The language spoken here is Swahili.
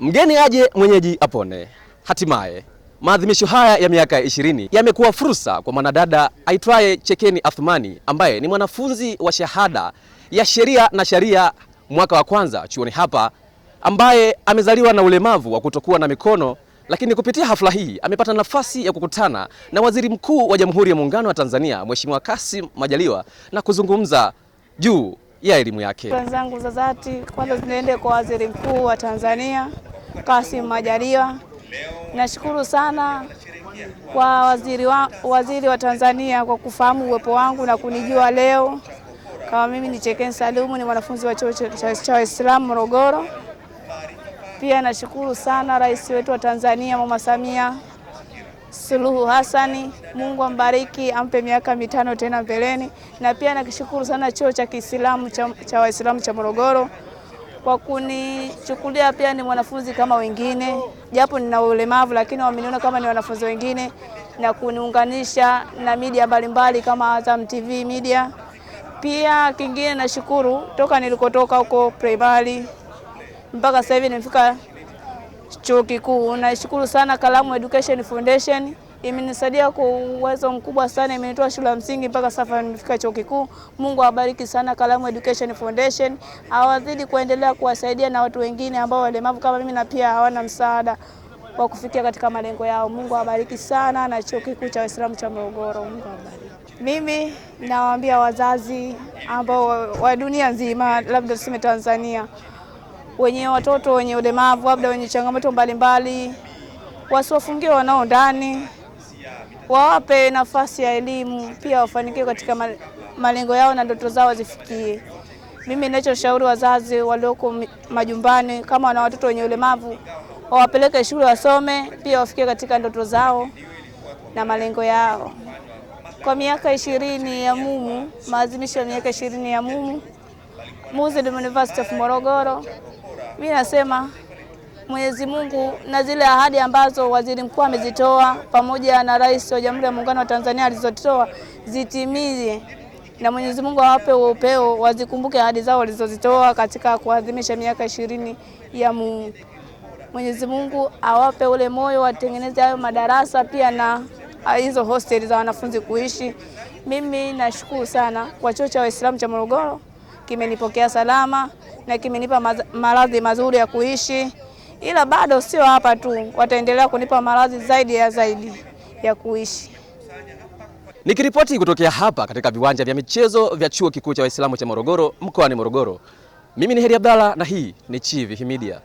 Mgeni aje mwenyeji apone. Hatimaye maadhimisho haya ya miaka ishirini yamekuwa fursa kwa mwanadada aitwaye Chekeni Athmani ambaye ni mwanafunzi wa shahada ya sheria na sharia mwaka wa kwanza chuoni hapa, ambaye amezaliwa na ulemavu wa kutokuwa na mikono, lakini kupitia hafla hii amepata nafasi ya kukutana na Waziri Mkuu wa Jamhuri ya Muungano wa Tanzania Mheshimiwa Kassim Majaliwa na kuzungumza juu ya elimu yake. zangu za dhati kwanza zinaende kwa Waziri Mkuu wa Tanzania Kassim Majaliwa. Nashukuru sana kwa waziri wa, waziri wa Tanzania kwa kufahamu uwepo wangu na kunijua leo. Kama mimi ni Cheken Salumu, ni mwanafunzi wa chuo cha Waislamu Morogoro. Pia nashukuru sana rais wetu wa Tanzania Mama Samia Suluhu hasani Mungu ambariki ampe miaka mitano tena mbeleni, na pia nakishukuru sana chuo cha Kiislamu cha, cha Waislamu cha Morogoro kwa kunichukulia pia ni mwanafunzi kama wengine, japo nina ulemavu, lakini wameniona kama ni wanafunzi wengine na kuniunganisha na media mbalimbali kama Azam TV media. Pia kingine nashukuru toka nilikotoka huko primary mpaka sasa hivi nimefika chuo kikuu. Nashukuru sana Kalamu Education Foundation imenisaidia kwa uwezo mkubwa sana, imenitoa shule ya msingi mpaka sasa nimefika chuo kikuu. Mungu awabariki sana Kalamu Education Foundation, awazidi kuendelea kuwasaidia na watu wengine ambao walemavu kama mimi na pia hawana msaada wa kufikia katika malengo yao. Mungu awabariki sana na chuo kikuu cha Waislamu cha Morogoro. Mungu awabariki. Mimi nawaambia wazazi ambao wa dunia nzima, labda tuseme Tanzania, wenye watoto wenye ulemavu, labda wenye changamoto mbalimbali, wasiwafungie wanao ndani wawape nafasi ya elimu, pia wafanikiwe katika malengo yao na ndoto zao zifikie Mimi ninachoshauri wazazi walioko majumbani, kama wana watoto wenye ulemavu, wawapeleke shule wasome, pia wafikie katika ndoto zao na malengo yao. Kwa miaka ishirini ya MUMU, maadhimisho ya miaka ishirini ya MUMU, Muslim University of Morogoro, mimi nasema Mwenyezi Mungu na zile ahadi ambazo waziri mkuu amezitoa pamoja na rais wa Jamhuri ya Muungano wa Tanzania alizotoa zitimie na Mwenyezi Mungu awape upeo, wazikumbuke ahadi zao walizozitoa katika kuadhimisha miaka ishirini ya Mungu. Mwenyezi Mungu awape ule moyo, watengeneze hayo madarasa pia na hizo hosteli za wanafunzi kuishi. Mimi nashukuru sana kwa chuo cha Waislamu cha Morogoro, kimenipokea salama na kimenipa maradhi mazuri ya kuishi ila bado sio hapa tu, wataendelea kunipa maradhi zaidi ya zaidi ya kuishi. Nikiripoti kutokea hapa katika viwanja vya michezo vya Chuo Kikuu cha Waislamu cha Morogoro mkoani Morogoro, mimi ni Heri Abdalla na hii ni Chivihi Media.